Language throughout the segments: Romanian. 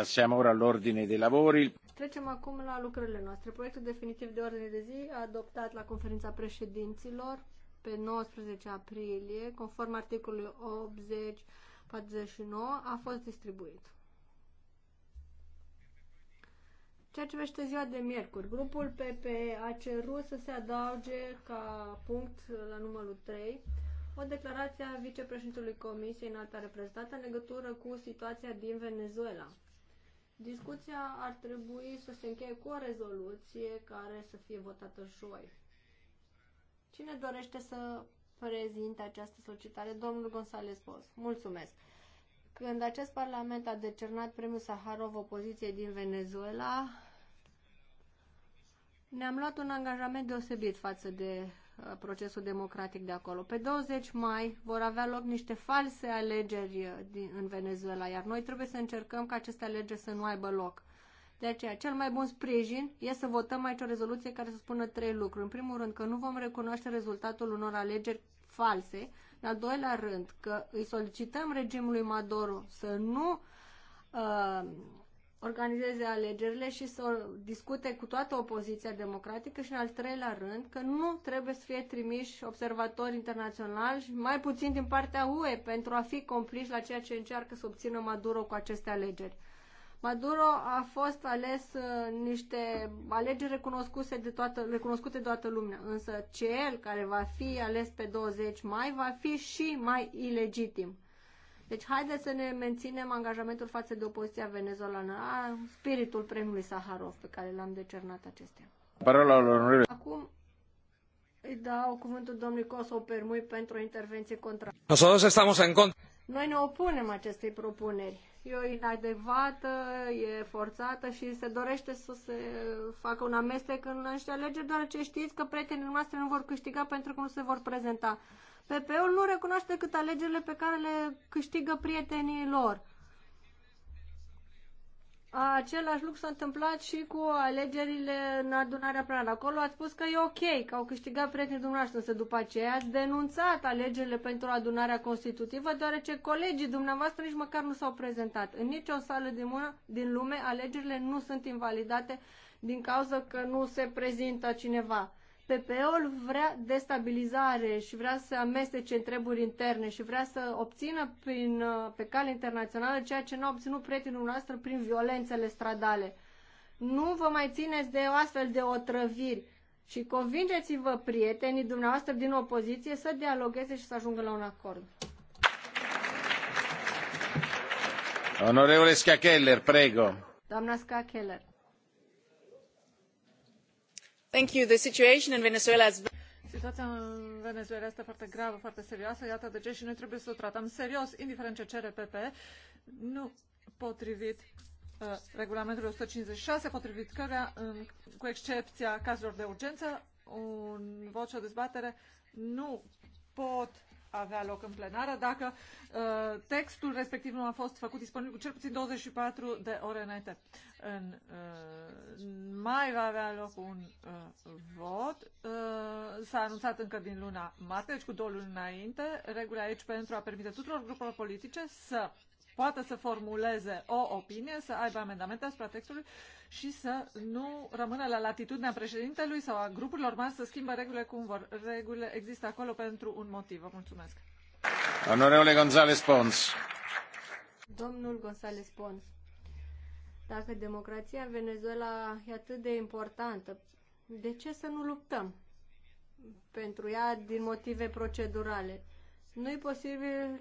Passiamo ora all'ordine dei lavori. Trecem acum la lucrările noastre. Proiectul definitiv de ordine de zi adoptat la conferința președinților pe 19 aprilie, conform articolului 80 49, a fost distribuit. Ceea ce vește ziua de miercuri, grupul PPE a cerut să se adauge ca punct la numărul 3 o declarație a vicepreședintelui Comisiei în alta reprezentată în legătură cu situația din Venezuela. Discuția ar trebui să se încheie cu o rezoluție care să fie votată joi. Cine dorește să prezinte această solicitare? Domnul González Pos. Mulțumesc. Când acest parlament a decernat premiul Saharov opoziției din Venezuela, ne-am luat un angajament deosebit față de Uh, procesul democratic de acolo. Pe 20 mai vor avea loc niște false alegeri uh, din, în Venezuela, iar noi trebuie să încercăm ca aceste alegeri să nu aibă loc. De aceea, cel mai bun sprijin e să votăm aici o rezoluție care să spună trei lucruri. În primul rând, că nu vom recunoaște rezultatul unor alegeri false. În al doilea rând, că îi solicităm regimului Maduro să nu uh, organizeze alegerile și să discute cu toată opoziția democratică și în al treilea rând că nu trebuie să fie trimiși observatori internaționali și mai puțin din partea UE pentru a fi compliși la ceea ce încearcă să obțină Maduro cu aceste alegeri. Maduro a fost ales uh, niște alegeri recunoscute de toată, recunoscute de toată lumea, însă cel care va fi ales pe 20 mai va fi și mai ilegitim. Deci haideți să ne menținem angajamentul față de opoziția venezolană, a, spiritul premiului Saharov pe care l-am decernat acestea. Parola Acum îi dau cuvântul domnului Coso Permui pentru o intervenție contra. Nosotros estamos en contra. Noi ne opunem acestei propuneri. E o inadevată, e forțată și se dorește să se facă un amestec în niște alegeri, deoarece știți că prietenii noastre nu vor câștiga pentru că nu se vor prezenta. PP-ul nu recunoaște cât alegerile pe care le câștigă prietenii lor. Același lucru s-a întâmplat și cu alegerile în adunarea plană. Acolo a spus că e ok, că au câștigat prietenii dumneavoastră, însă după aceea ați denunțat alegerile pentru adunarea constitutivă, deoarece colegii dumneavoastră nici măcar nu s-au prezentat. În nicio sală din, mână, din lume alegerile nu sunt invalidate din cauza că nu se prezintă cineva. PPE-ul vrea destabilizare și vrea să amestece întreburi interne și vrea să obțină prin, uh, pe cale internațională ceea ce nu a obținut prietenul nostru prin violențele stradale. Nu vă mai țineți de astfel de otrăviri și convingeți-vă prietenii dumneavoastră din opoziție să dialogueze și să ajungă la un acord. Onorevole Scacheller, prego. Doamna Scacheller. Situația în Venezuela este foarte gravă, foarte serioasă, iată de ce și noi trebuie să o tratăm serios, indiferent ce cere PP, nu potrivit uh, regulamentul 156, potrivit căruia, cu excepția cazurilor de urgență, un vot și o dezbatere nu pot avea loc în plenară dacă uh, textul respectiv nu a fost făcut disponibil cu cel puțin 24 de ore înainte. În uh, mai va avea loc un uh, vot. Uh, s-a anunțat încă din luna martie, deci cu două luni înainte, regula aici pentru a permite tuturor grupurilor politice să poată să formuleze o opinie, să aibă amendamente asupra textului și să nu rămână la latitudinea președintelui sau a grupurilor mari să schimbe regulile cum vor. Regulile există acolo pentru un motiv. Vă mulțumesc. Onorevole González Pons. Domnul González Pons. Dacă democrația în Venezuela e atât de importantă, de ce să nu luptăm pentru ea din motive procedurale? Nu e posibil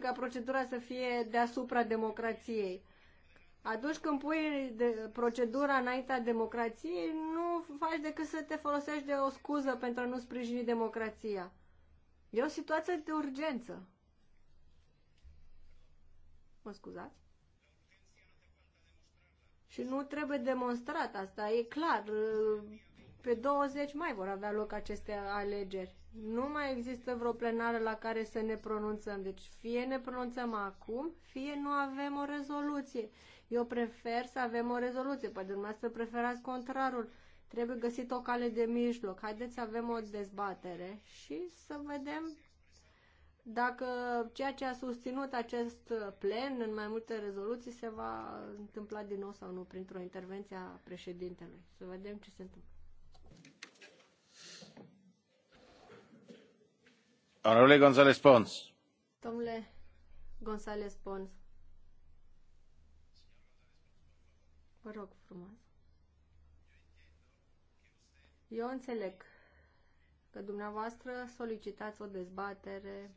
ca procedura să fie deasupra democrației. Atunci când pui de procedura înaintea democrației, nu faci decât să te folosești de o scuză pentru a nu sprijini democrația. E o situație de urgență. Mă scuzați? Și nu trebuie demonstrat asta, e clar. Pe 20 mai vor avea loc aceste alegeri. Nu mai există vreo plenară la care să ne pronunțăm. Deci fie ne pronunțăm acum, fie nu avem o rezoluție. Eu prefer să avem o rezoluție, poate păi dumneavoastră preferați contrarul. Trebuie găsit o cale de mijloc. Haideți să avem o dezbatere și să vedem dacă ceea ce a susținut acest plen în mai multe rezoluții se va întâmpla din nou sau nu printr-o intervenție a președintelui. Să vedem ce se întâmplă. Domnule González Pons. Domnule González Pons. Vă rog frumos. Eu înțeleg că dumneavoastră solicitați o dezbatere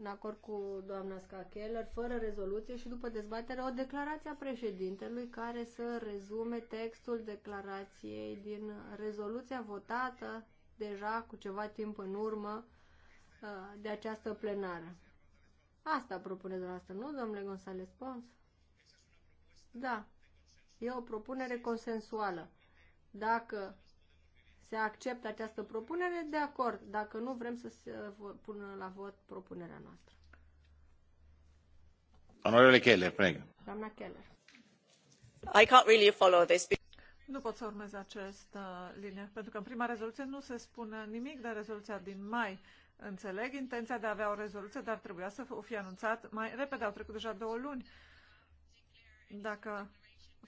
în acord cu doamna Scacheller, fără rezoluție și după dezbatere, o declarație a președintelui care să rezume textul declarației din rezoluția votată deja cu ceva timp în urmă uh, de această plenară. Asta propuneți dumneavoastră, nu, domnule González Pons? Da, e o propunere consensuală. Dacă se acceptă această propunere, de acord. Dacă nu, vrem să se uh, pună la vot propunerea noastră. Onorele Keller, preg. Doamna Keller. I can't really follow this. Nu pot să urmez această uh, linie, pentru că în prima rezoluție nu se spune nimic de rezoluția din mai. Înțeleg intenția de a avea o rezoluție, dar trebuia să o fi anunțat mai repede. Au trecut deja două luni. Dacă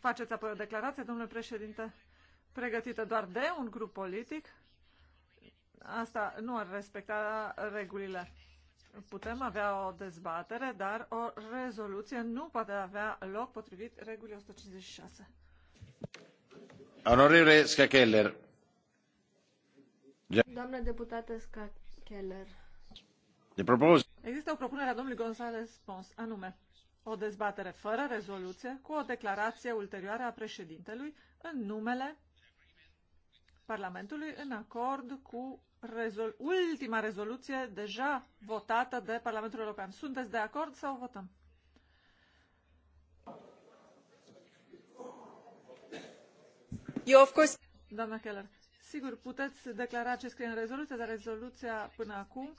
faceți apoi o declarație, domnule președinte, pregătită doar de un grup politic, asta nu ar respecta regulile. Putem avea o dezbatere, dar o rezoluție nu poate avea loc potrivit regulii 156. Onorevole Schakeller. Doamna deputată Schakeller. De propos... Există o propunere a domnului González Pons, anume o dezbatere fără rezoluție cu o declarație ulterioară a președintelui în numele Parlamentului în acord cu rezol- ultima rezoluție deja votată de Parlamentul European. Sunteți de acord sau votăm? Eu, of course... Doamna Keller, sigur, puteți declara ce scrie în rezoluție, dar rezoluția până acum,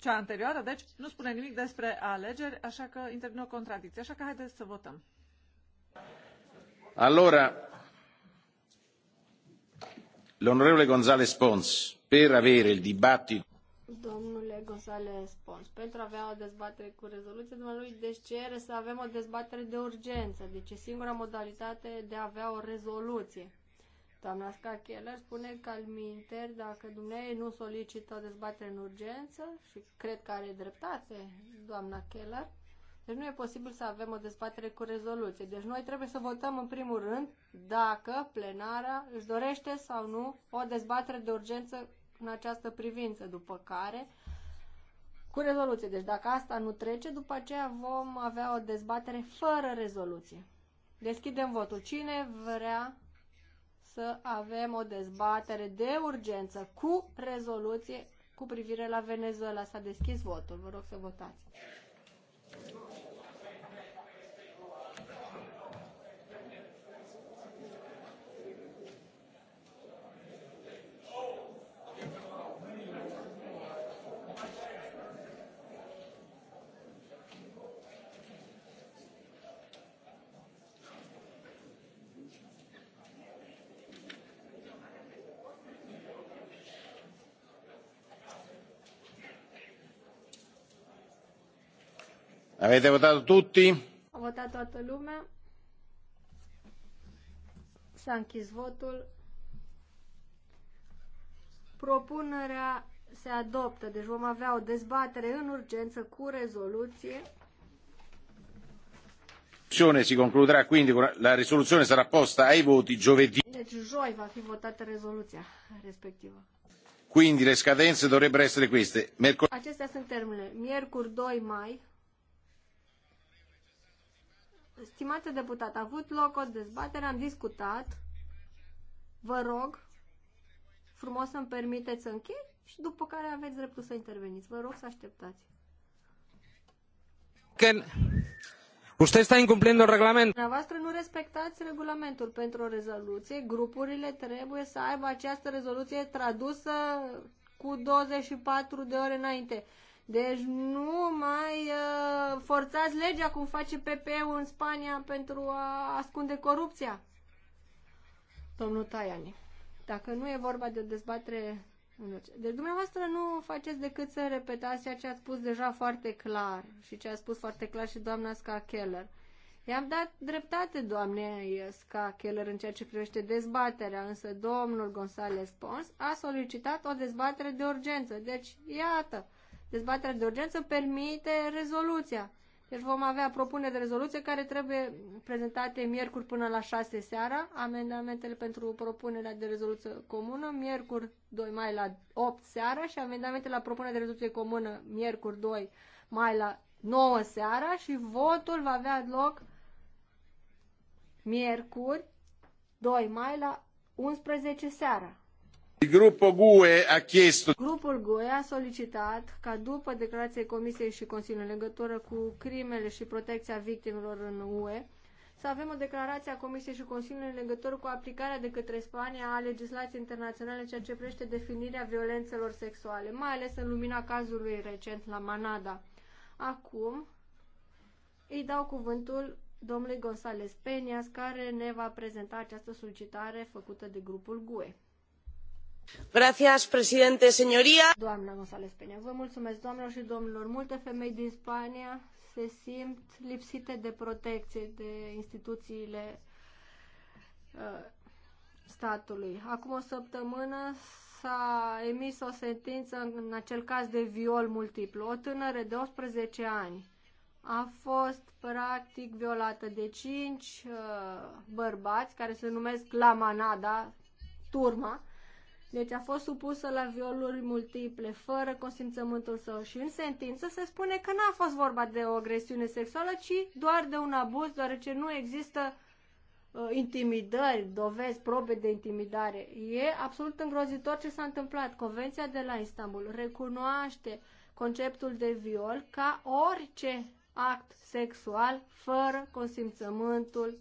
cea anterioară, deci, nu spune nimic despre alegeri, așa că intervine o contradicție. Așa că haideți să votăm. Allora, l'onorevole González Pons per avere il dibattito Domnule González Pons, pentru a avea o dezbatere cu rezoluție, dumnealui deci cere să avem o dezbatere de urgență. Deci e singura modalitate de a avea o rezoluție. Doamna Keller spune că al minter, dacă dumneavoastră nu solicită o dezbatere în urgență, și cred că are dreptate, doamna Keller, deci nu e posibil să avem o dezbatere cu rezoluție. Deci noi trebuie să votăm în primul rând dacă plenara își dorește sau nu o dezbatere de urgență în această privință, după care cu rezoluție. Deci dacă asta nu trece, după aceea vom avea o dezbatere fără rezoluție. Deschidem votul. Cine vrea să avem o dezbatere de urgență cu rezoluție cu privire la Venezuela? S-a deschis votul. Vă rog să votați. Avete votato tutti? A votat toată lumea. S-a închis votul. Propunerea se adoptă, deci vom avea o dezbatere în urgență cu rezoluție. Si concluderà quindi la risoluzione sarà posta ai voti giovedì. Deci joi va fi votată rezoluția respectivă. Quindi le scadenze dovrebbero essere queste. Mercol- Acestea sunt termenele. Miercuri 2 mai Stimate deputat, a avut loc o dezbatere, am discutat. Vă rog frumos să-mi permiteți să închei și după care aveți dreptul să interveniți. Vă rog să așteptați. Că... Usted está incumpliendo el reglamento. Dumneavoastră nu respectați regulamentul pentru o rezoluție. Grupurile trebuie să aibă această rezoluție tradusă cu 24 de ore înainte. Deci nu mai uh, forțați legea cum face PP-ul în Spania pentru a ascunde corupția. Domnul Taiani, dacă nu e vorba de o dezbatere... Deci dumneavoastră nu faceți decât să repetați ceea ce ați spus deja foarte clar și ce a spus foarte clar și doamna Ska Keller. I-am dat dreptate doamnei Ska Keller în ceea ce privește dezbaterea, însă domnul González Pons a solicitat o dezbatere de urgență. Deci, iată, Dezbaterea de urgență permite rezoluția. Deci vom avea propuneri de rezoluție care trebuie prezentate miercuri până la 6 seara, amendamentele pentru propunerea de rezoluție comună, miercuri 2 mai la 8 seara și amendamentele la propunerea de rezoluție comună, miercuri 2 mai la 9 seara și votul va avea loc miercuri 2 mai la 11 seara. Grupul GUE a solicitat ca după declarației Comisiei și Consiliului în legătură cu crimele și protecția victimelor în UE, să avem o declarație a Comisiei și Consiliului în legătură cu aplicarea de către Spania a legislației internaționale în ceea ce privește definirea violențelor sexuale, mai ales în lumina cazului recent la Manada. Acum îi dau cuvântul domnului González Peñas, care ne va prezenta această solicitare făcută de grupul GUE. Gracias, presidente, señoría. Doamna González Peña, vă mulțumesc, doamnelor și domnilor. Multe femei din Spania se simt lipsite de protecție de instituțiile uh, statului. Acum o săptămână s-a emis o sentință în acel caz de viol multiplu. O tânără de 18 ani a fost practic violată de 5 uh, bărbați care se numesc La Manada, turma, deci a fost supusă la violuri multiple, fără consimțământul său și în sentință se spune că n-a fost vorba de o agresiune sexuală, ci doar de un abuz, deoarece nu există uh, intimidări, dovezi, probe de intimidare. E absolut îngrozitor ce s-a întâmplat. Convenția de la Istanbul recunoaște conceptul de viol ca orice act sexual fără consimțământul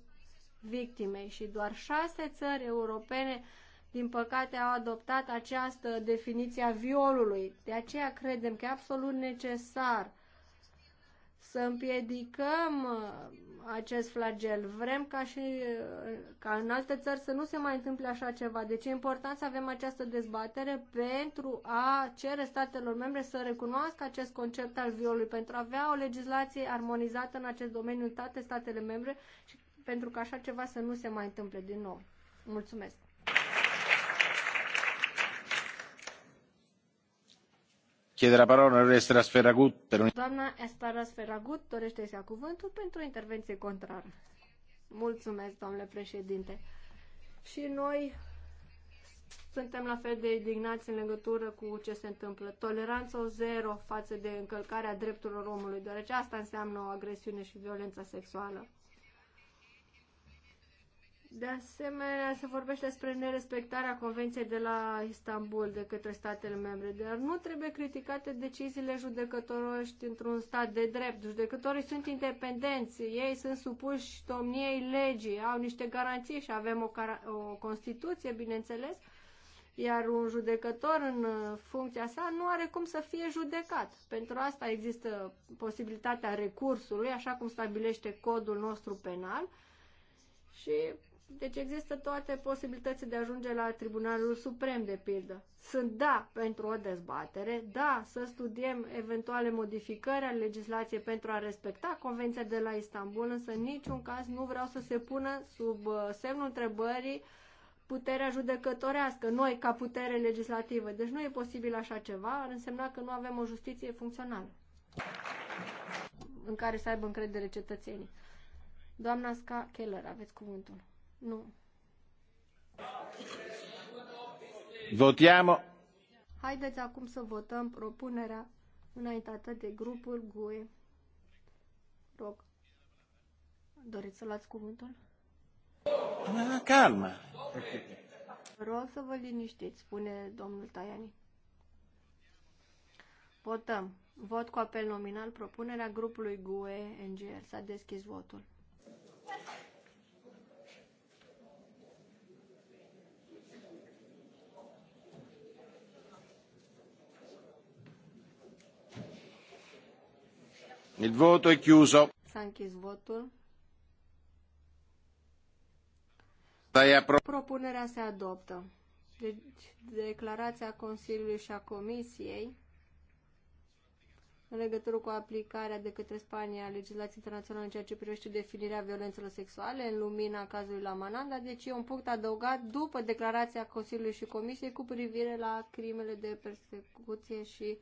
victimei și doar șase țări europene din păcate, au adoptat această definiție a violului. De aceea credem că e absolut necesar să împiedicăm uh, acest flagel. Vrem ca și uh, ca în alte țări să nu se mai întâmple așa ceva. Deci e important să avem această dezbatere pentru a cere statelor membre să recunoască acest concept al violului, pentru a avea o legislație armonizată în acest domeniu în toate statele membre și pentru ca așa ceva să nu se mai întâmple din nou. Mulțumesc! Chiede la parola onorevole Strasferragut. dorește să ia cuvântul pentru o intervenție contrară. Mulțumesc, domnule președinte. Și noi suntem la fel de indignați în legătură cu ce se întâmplă. Toleranță zero față de încălcarea drepturilor omului, deoarece asta înseamnă o agresiune și violența sexuală. De asemenea, se vorbește despre nerespectarea Convenției de la Istanbul de către statele membre, dar nu trebuie criticate deciziile judecătoroști într-un stat de drept. Judecătorii sunt independenți, ei sunt supuși domniei legii, au niște garanții și avem o, o Constituție, bineînțeles, iar un judecător în uh, funcția sa nu are cum să fie judecat. Pentru asta există posibilitatea recursului, așa cum stabilește codul nostru penal, și deci există toate posibilitățile de a ajunge la Tribunalul Suprem, de pildă. Sunt da pentru o dezbatere, da să studiem eventuale modificări ale legislației pentru a respecta Convenția de la Istanbul, însă în niciun caz nu vreau să se pună sub uh, semnul întrebării puterea judecătorească, noi ca putere legislativă. Deci nu e posibil așa ceva, ar însemna că nu avem o justiție funcțională în care să aibă încredere cetățenii. Doamna Ska Keller, aveți cuvântul. Nu. Votiamo. Haideți acum să votăm propunerea înaintată de grupul GUE. Rog. Doriți să luați cuvântul? Na, calma. Rog să vă liniștiți, spune domnul Taiani. Votăm. Vot cu apel nominal propunerea grupului GUE NGR. S-a deschis votul. Il voto è chiuso. S-a închis votul. Propunerea se adoptă. Deci, declarația Consiliului și a Comisiei în legătură cu aplicarea de către Spania a legislației internaționale în ceea ce privește definirea violențelor sexuale în lumina cazului la Mananda, deci e un punct adăugat după declarația Consiliului și Comisiei cu privire la crimele de persecuție și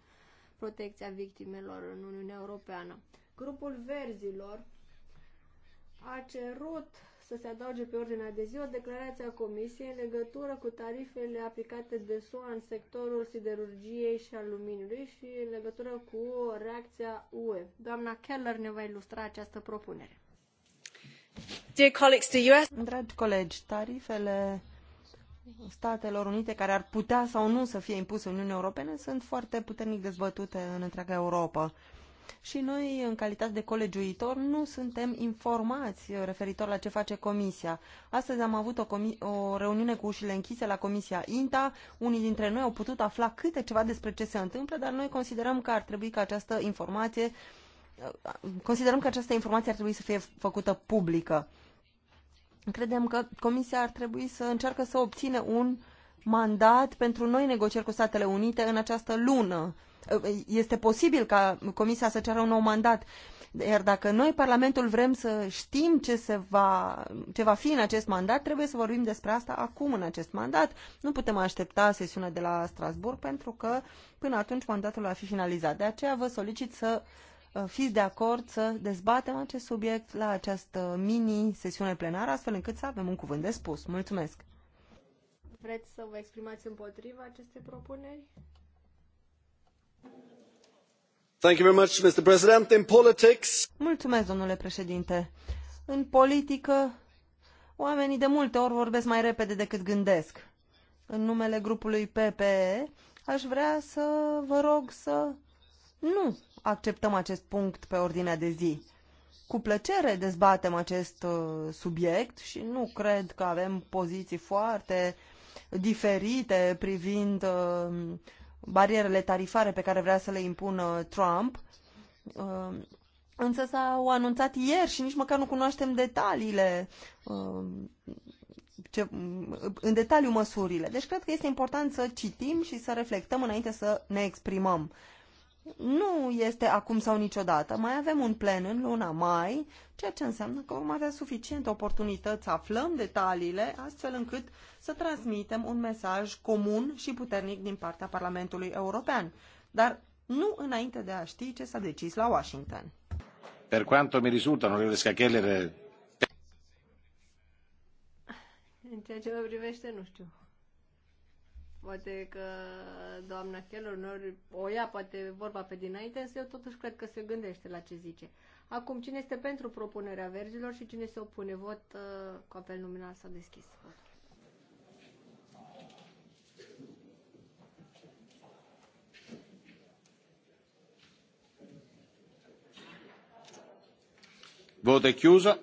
protecția victimelor în Uniunea Europeană. Grupul Verzilor a cerut să se adauge pe ordinea de zi o declarație a Comisiei în legătură cu tarifele aplicate de SUA în sectorul siderurgiei și aluminiului și în legătură cu reacția UE. Doamna Keller ne va ilustra această propunere. Dear colleagues, the US... Dragi colegi, tarifele Statelor Unite care ar putea sau nu să fie impuse Uniunii Europene sunt foarte puternic dezbătute în întreaga Europa. Și noi, în calitate de colegiuitor, nu suntem informați referitor la ce face Comisia. Astăzi am avut o, o reuniune cu ușile închise la Comisia INTA. Unii dintre noi au putut afla câte ceva despre ce se întâmplă, dar noi considerăm că ar trebui ca această informație considerăm că această informație ar trebui să fie făcută publică Credem că Comisia ar trebui să încearcă să obțină un mandat pentru noi negocieri cu Statele Unite în această lună. Este posibil ca Comisia să ceară un nou mandat, iar dacă noi, Parlamentul, vrem să știm ce, se va, ce va fi în acest mandat, trebuie să vorbim despre asta acum în acest mandat. Nu putem aștepta sesiunea de la Strasburg pentru că până atunci mandatul va fi finalizat. De aceea vă solicit să Uh, fiți de acord să dezbatem acest subiect la această mini-sesiune plenară, astfel încât să avem un cuvânt de spus. Mulțumesc! Vreți să vă exprimați împotriva acestei propuneri? Thank you very much, Mr. President. In politics... Mulțumesc, domnule președinte. În politică, oamenii de multe ori vorbesc mai repede decât gândesc. În numele grupului PPE, aș vrea să vă rog să nu acceptăm acest punct pe ordinea de zi. Cu plăcere dezbatem acest uh, subiect și nu cred că avem poziții foarte diferite privind uh, barierele tarifare pe care vrea să le impună Trump. Uh, însă s-au anunțat ieri și nici măcar nu cunoaștem detaliile, ce, în detaliu măsurile. Deci cred că este important să citim și să reflectăm înainte să ne exprimăm nu este acum sau niciodată. Mai avem un plen în luna mai, ceea ce înseamnă că vom avea suficiente oportunități să aflăm detaliile, astfel încât să transmitem un mesaj comun și puternic din partea Parlamentului European, dar nu înainte de a ști ce s-a decis la Washington. Per quanto mi risulta, le Scacheller... În ceea ce mă privește, nu știu. Poate că doamna Keller nori o ia, poate vorba pe dinainte, însă eu totuși cred că se gândește la ce zice. Acum, cine este pentru propunerea verzilor și cine se opune? Vot uh, cu apel nominal s-a deschis. Votul. Voto è chiuso.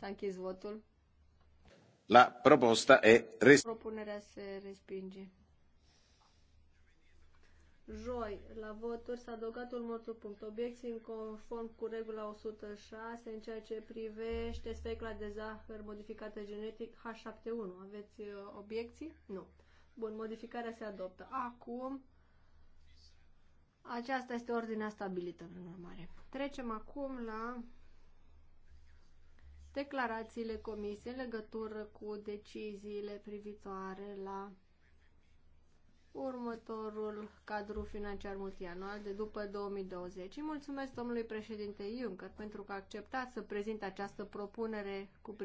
S-a închis votul. La proposta e respinta. Propunerea se respinge. Joi, la voturi s-a adăugat următorul punct. Obiecții în conform cu regula 106 în ceea ce privește specula de zahăr modificată genetic H71. Aveți uh, obiecții? Nu. Bun, modificarea se adoptă. Acum, aceasta este ordinea stabilită, în urmare. Trecem acum la declarațiile comisiei în legătură cu deciziile privitoare la următorul cadru financiar multianual de după 2020. Îi mulțumesc domnului președinte Juncker pentru că a acceptat să prezint această propunere cu